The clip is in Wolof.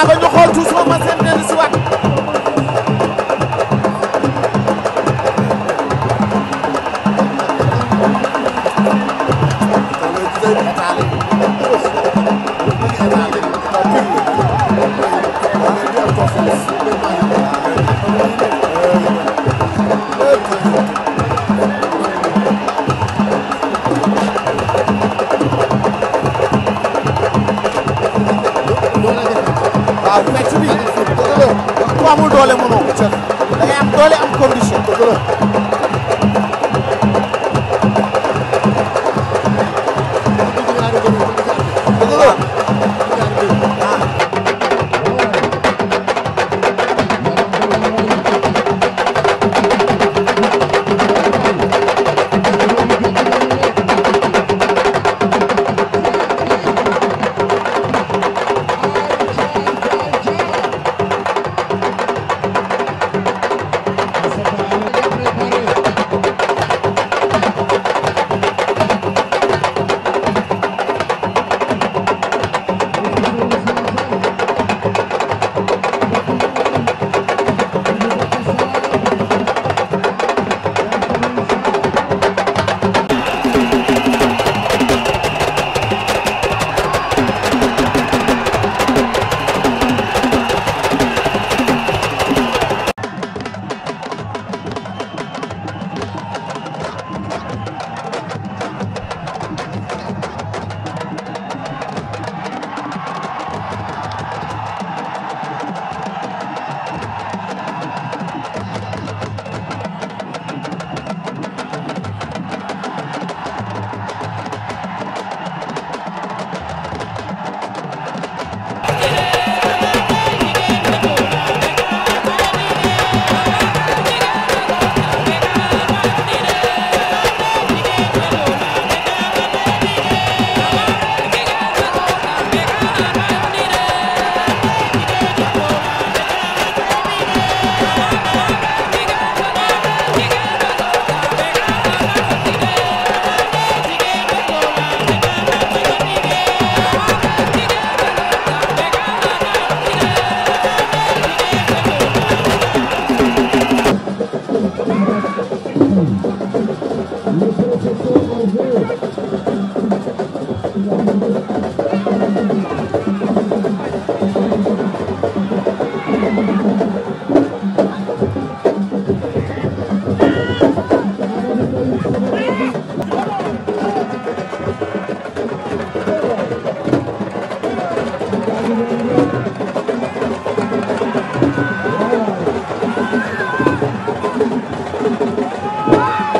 Ndiago ñu xool tuus ko waaw mais ci biir. dëgg la ku amul doole mënoo ko. da ngay am doole am condition. dëgg la. Wow.